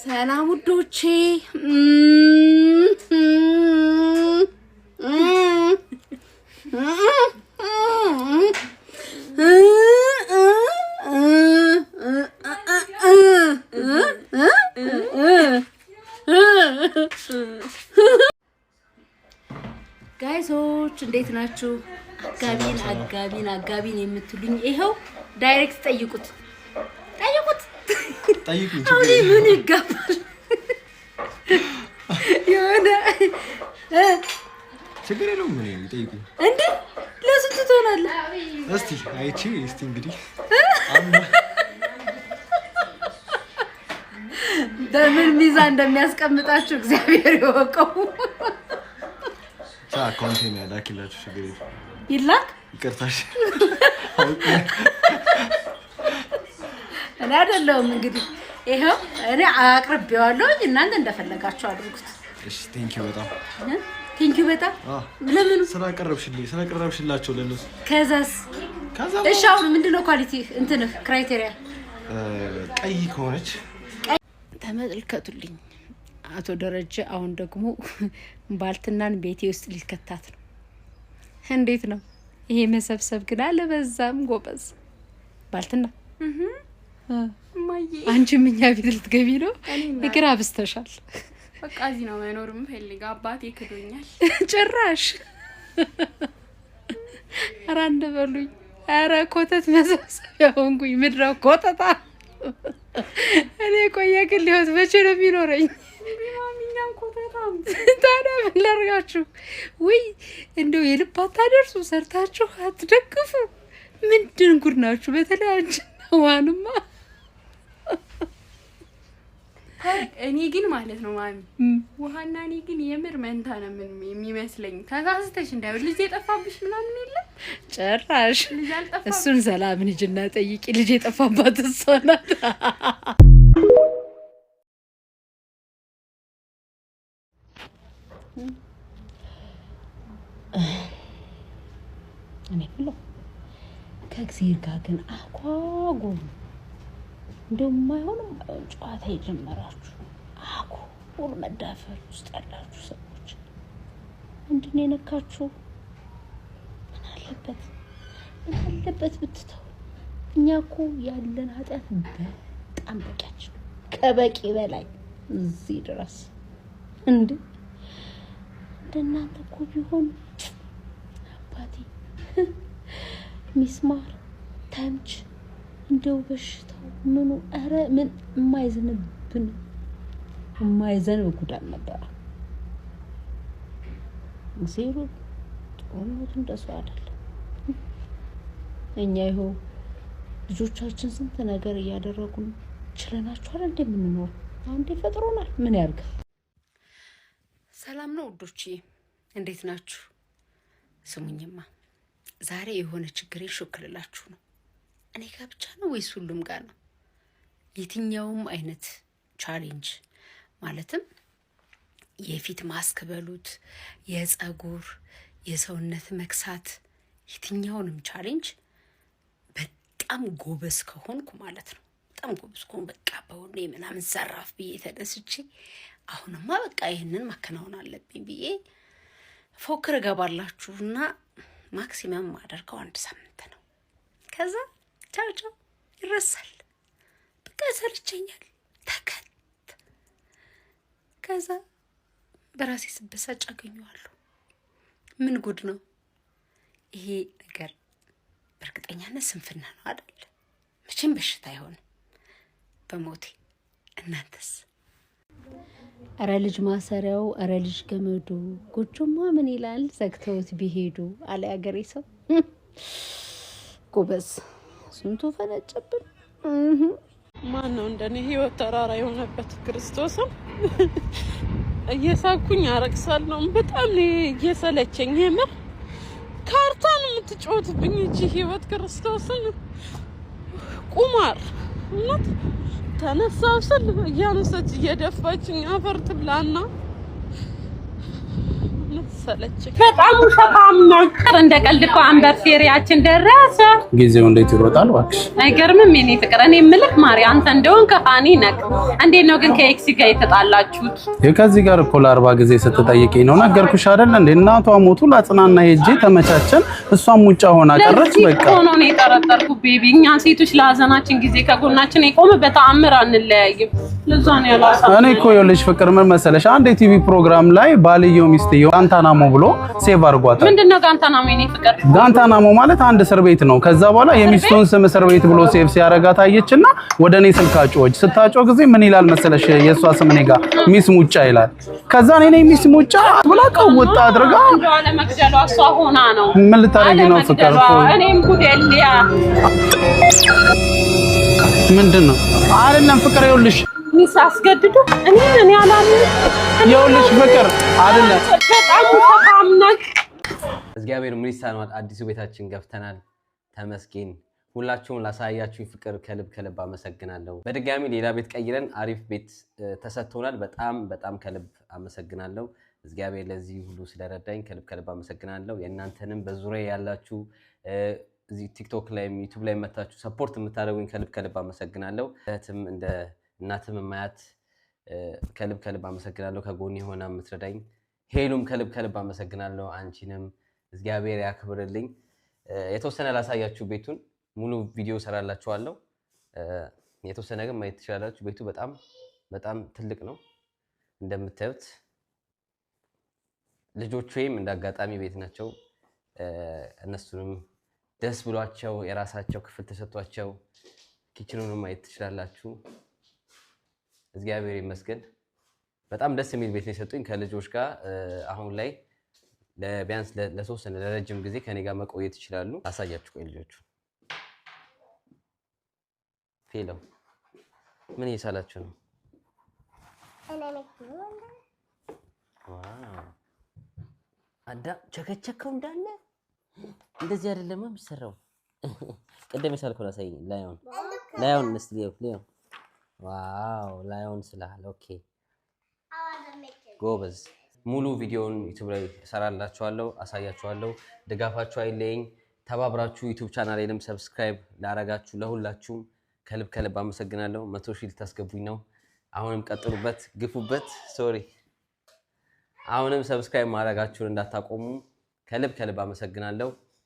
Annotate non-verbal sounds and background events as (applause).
ሰላም ውዶቼ፣ ጋይሶች እንዴት ናችሁ? አጋቢን አጋቢን አጋቢን የምትሉኝ ይኸው ዳይሬክት ጠይቁት። ጠይቅ። ምን ይገባል? የሆነ ችግር የለውም። ምን ጠይቅ እንዴ? ለስንቱ ትሆናለህ? እስቲ አይቺ እስቲ እንግዲህ በምን ሚዛን እንደሚያስቀምጣችሁ እግዚአብሔር ይወቀው። አካውንቴን ላኪላችሁ። ችግር ይላክ። ይቅርታሽ (laughs) እኔ አይደለሁም እንግዲህ ይኸው እኔ አቅርቤዋለሁ። እናንተ እንደፈለጋችሁ አድርጉት። እሺ ቴንኪው በጣም ቴንኪው በጣም ለምን ስላቀረብሽልኝ ስላቀረብሽላቸው ለነሱ። ከዛስ እሺ አሁን ምንድነው ኳሊቲ እንትን ክራይቴሪያ ቀይ ከሆነች ተመልከቱልኝ። አቶ ደረጀ አሁን ደግሞ (laughs) ባልትናን ቤቴ ውስጥ ሊከታት ነው። እንዴት ነው ይሄ መሰብሰብ ግን አለበዛም? ጎበዝ ባልትና አንቺም እኛ ቤት ልትገቢ ነው? እግር አብስተሻል። በቃ እዚህ ነው መኖር ፈልግ። አባቴ ክዶኛል። (laughs) ጭራሽ ኧረ አንድ በሉኝ። ኧረ ኮተት መሰብሰቢያ ሆንኩኝ። ምድረ ኮተታ እኔ ቆየ ግን ሊሆን መቼ ነው የሚኖረኝ? ታዲያ ምን ላድርጋችሁ? ውይ እንደው የልብ አታደርሱ፣ ሰርታችሁ አትደግፉ። ምንድን ጉድ ናችሁ? በተለይ አንቺና ዋንማ እኔ ግን ማለት ነው ማሚ ውሃና እኔ ግን የምር መንታ ነው ምን የሚመስለኝ። ተሳስተሽ እንዳይሆን ልጅ የጠፋብሽ ምናምን የለም ጭራሽ። እሱን ሰላም ልጅና ጠይቂ። ልጅ የጠፋባት እሷ ናት። እኔ ብሎ ከእግዜር ጋር ግን አጓጉ እንደውም አይሆንም ጨዋታ የጀመራችሁ አጉል መዳፈር ውስጥ ያላችሁ ሰዎች ምንድን የነካችሁ? ምን አለበት ምን አለበት ብትተው። እኛ እኮ ያለን ኃጢአት በጣም በቂያችን ከበቂ በላይ እዚህ ድረስ እንደ እንደናንተ እኮ ቢሆን አባቴ ሚስማር ተምች እንደው በሽታው ምኑ ኧረ ምን የማይዘንብን የማይዘንብ ጉዳት ነበረ። ዜሮ ጦርነቱ እንደሱ አይደለም። እኛ ይኸው ልጆቻችን ስንት ነገር እያደረጉን ችለናችኋል እንደምንኖር አንዴ ፈጥሮናል። ምን ያርግ። ሰላም ነው ውዶች፣ እንዴት ናችሁ? ስሙኝማ ዛሬ የሆነ ችግሬን ሹክልላችሁ ነው እኔ ጋር ብቻ ነው ወይስ ሁሉም ጋር ነው? የትኛውም አይነት ቻሌንጅ ማለትም የፊት ማስክ በሉት፣ የጸጉር የሰውነት መክሳት፣ የትኛውንም ቻሌንጅ በጣም ጎበዝ ከሆንኩ ማለት ነው በጣም ጎበዝ ከሆን በቃ በሁሉ ምናምን ዘራፍ ብዬ ተደስቼ አሁንማ በቃ ይህንን ማከናወን አለብኝ ብዬ ፎክር እገባላችሁና ማክሲመም ማደርገው አንድ ሳምንት ነው ከዛ ቻው ቻው። ይረሳል። በቃ ሰርቸኛል ተከት ከዛ በራሴ ስበሳጭ አገኘዋለሁ። ምን ጉድ ነው ይሄ ነገር? በእርግጠኛነት ስንፍና ነው አይደል? መቼም በሽታ አይሆንም። በሞቴ እናንተስ? እረ ልጅ ማሰሪያው፣ እረ ልጅ ገመዱ፣ ጎጆማ ምን ይላል ዘግተውት ቢሄዱ አለ ያገሬ ሰው (laughs) ጎበዝ። ስንቱ ፈነጨብን። ማን ነው እንደኔ ህይወት ተራራ የሆነበት? ክርስቶስም እየሳኩኝ አረቅሳል ነው። በጣም እየሰለቸኝ የምር ካርታ ነው የምትጫወትብኝ እቺ ህይወት። ክርስቶስን ቁማር እናት ተነሳው ስል እያነሰች እየደፋችኝ አፈር ትብላና በጣም ውሸታም ነበር። እንደ ቀልድ እኮ አንበርሴሪያችን ደረሰ። ጊዜው እንዴት ይሮጣል እባክሽ! አይገርምም የኔ ፍቅር። እኔ የምልህ ማሪ፣ አንተ እንደውን ከፋኒ ነህ። እንዴት ነው ግን ከኤክሲ ጋር የተጣላችሁት? ከዚህ ጋር እኮ ለአርባ ጊዜ ስትጠይቂኝ ነው። ነገርኩሽ አይደል እንዴ? እናቷ ሞቱ ላጽናና ሄጄ ተመቻቸን፣ እሷም ውጫ ሆና ቀረች። በቃ ሆኖ ነው የጠረጠርኩ ቤቢ። እኛ ሴቶች ለሀዘናችን ጊዜ ከጎናችን የቆመ በተአምር አንለያይም። ለዛ ነው ያላሳ። እኔ እኮ ይኸውልሽ ፍቅር፣ ምን መሰለሽ አንድ የቲቪ ፕሮግራም ላይ ባልየው ሚስትየው ጋንታናሞ ብሎ ሴቭ አድርጓታል። ምንድነው ጋንታናሞ? የኔ ፍቅር ጋንታናሞ ማለት አንድ እስር ቤት ነው። ከዛ በኋላ የሚስቱን ስም እስር ቤት ብሎ ሴቭ ሲያረጋት አየችና ወደ እኔ ስልክ አጮች ስታጮ ጊዜ ምን ይላል መሰለሽ? የእሷ ስም እኔ ጋ ሚስ ሙጫ ይላል። ከዛ እኔ ሚስ ሙጫ ብላ ቀውጥ አድርጋ ነው። ሆና ምን ልታረጊ ነው ፍቅር? ምንድን ነው አይደለም ፍቅር ይኸውልሽ ሚስ አስገድዶ እኔ እኔ አላምንም ይኸውልሽ ፍቅር አይደለም በጣም ተጣምናል። እግዚአብሔር ምን ይሳነዋል? አዲሱ ቤታችን ገብተናል። ተመስገን። ሁላችሁም ላሳያችሁ ፍቅር ከልብ ከልብ አመሰግናለሁ። በድጋሚ ሌላ ቤት ቀይረን አሪፍ ቤት ተሰጥቶናል። በጣም በጣም ከልብ አመሰግናለሁ። እግዚአብሔር ለዚህ ሁሉ ስለረዳኝ ከልብ ከልብ አመሰግናለሁ። የእናንተንም በዙሪያ ያላችሁ እዚህ ቲክቶክ ላይም ዩቱብ ላይ መታችሁ ሰፖርት የምታደርጉኝ ከልብ ከልብ አመሰግናለሁ። እህትም እንደ እናትም ማያት ከልብ ከልብ አመሰግናለሁ። ከጎን የሆነ የምትረዳኝ ሄሉም ከልብ ከልብ አመሰግናለሁ። አንቺንም እግዚአብሔር ያክብርልኝ። የተወሰነ ላሳያችሁ ቤቱን፣ ሙሉ ቪዲዮ ሰራላችኋለሁ። የተወሰነ ግን ማየት ትችላላችሁ። ቤቱ በጣም በጣም ትልቅ ነው እንደምታዩት። ልጆች ወይም እንደ አጋጣሚ ቤት ናቸው። እነሱንም ደስ ብሏቸው የራሳቸው ክፍል ተሰጥቷቸው ኪችኑንም ማየት ትችላላችሁ። እግዚአብሔር ይመስገን። በጣም ደስ የሚል ቤት ነው የሰጡኝ። ከልጆች ጋር አሁን ላይ ቢያንስ ለሶስት ለረጅም ጊዜ ከኔ ጋር መቆየት ይችላሉ። አሳያችሁ። ቆይ ልጆቹ ፌለው ምን እየሳላችሁ ነው? አዳ ቸከቸከው እንዳለ እንደዚህ አይደለም የሚሰራው። ቅድም የሳልከውን አሳይኝ። ላዮን ላዮን ስ ላዮን ስላል ኦኬ ጎበዝ። ሙሉ ቪዲዮውን ዩቱብ ላይ እሰራላችኋለሁ፣ አሳያችኋለሁ። ድጋፋችሁ አይለየኝ። ተባብራችሁ ዩቱብ ቻናሌንም ሰብስክራይብ ላረጋችሁ ለሁላችሁም ከልብ ከልብ አመሰግናለሁ። መቶ ሺህ ልታስገቡኝ ነው። አሁንም ቀጥሉበት፣ ግፉበት። ሶሪ አሁንም ሰብስክራይብ ማድረጋችሁን እንዳታቆሙ ከልብ ከልብ አመሰግናለሁ።